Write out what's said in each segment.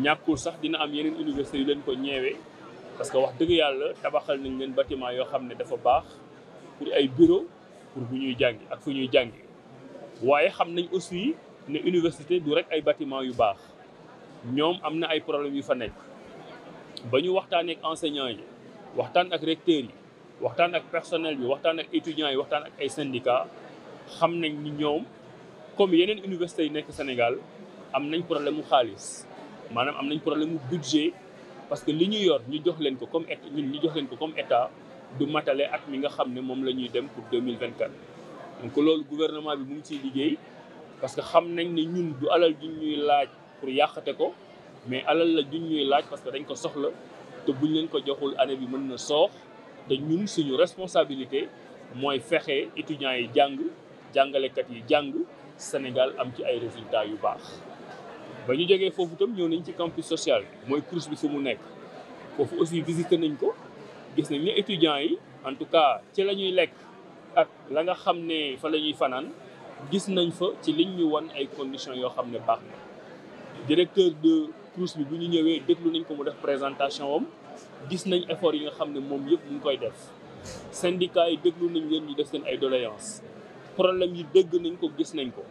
ñàkkul sax dina am yeneen université yu leen ko ñeewee parce que wax deug yalla tabaxal nañ leen bâtiment yo xamné dafa baax pour ay bureau pour bu ñuy jàng ak fu ñuy jàng waye xam nañ aussi ne université du rek ay bâtiment yu baax ñom amna ay problème yu fa nekk bañu waxtaan ak enseignant yi waxtaan ak recteur yi waxtaan ak personnel bi waxtaan ak étudiants yi waxtaan ak ay syndicat xam ni ñom comme yeneen université yi nekk Sénégal am problème manam am problème budget parce que li ñu yor ñu jox leen comme état ñun jox comme état du mi nga pour 2024 donc gouvernement parce que xam nañ ne ñun du alal ñuy pour ko mais alal la parce que dañ ko soxla te buñ leen ko joxul année bi responsabilité Sénégal am ci ay résultats ba ñu jógee foofu itam ñëw nañ ci campus social mooy course bi fu mu nekk foofu aussi visité nañ ko gis nañ ne étudiants yi en tout cas ci la ñuy lekk ak la nga xam ne fa la ñuy fanaan gis nañ fa ci liñ ñu wan ay conditions yoo xam ne baax na directeur de course bi bu ñu ñëwee déglu nañ ko mu def présentation am gis nañ effort yi nga xam ne moom yëpp mu ngi koy def syndicat yi déglu nañ leen ñu def seen ay doléances problème yi dëgg nañ ko gis nañ ko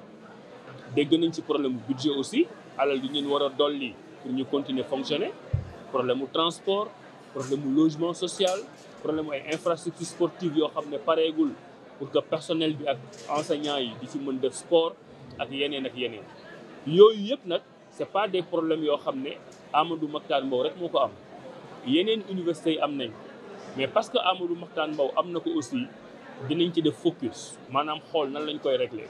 dégg nañ ci problème budget aussi alal di ñun war a dolli pour ñu continuer fonctionner problème transport problème logement social problème ay infrastructures sportives yoo xam ne pareegul pour que personnel bi ak enseignants yi di ci mën def sport ak yeneen ak yeneen yooyu yëpp nag c'est pas des problèmes yoo xam ne Amadou Mahtar Mbow rek moo ko am yeneen université yi am nañ mais parce que Amadou Mahtar Mbow am na ko aussi dinañ ci def focus maanaam xool nan lañ koy régler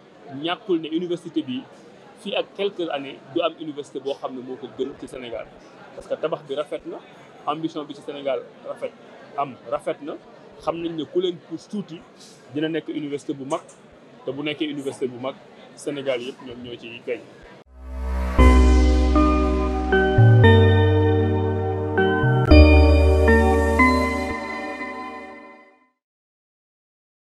ñàkkul né université bi fi ak quelques années du am université bo xamné moko gën ci Sénégal parce que tabax bi rafet na ambition bi ci Sénégal rafet am rafet na xam nañ ne ku leen pousse tuuti dina nek université bu mag té bu nekkee université bu mag Sénégal yépp ñoom ñoo ci gañ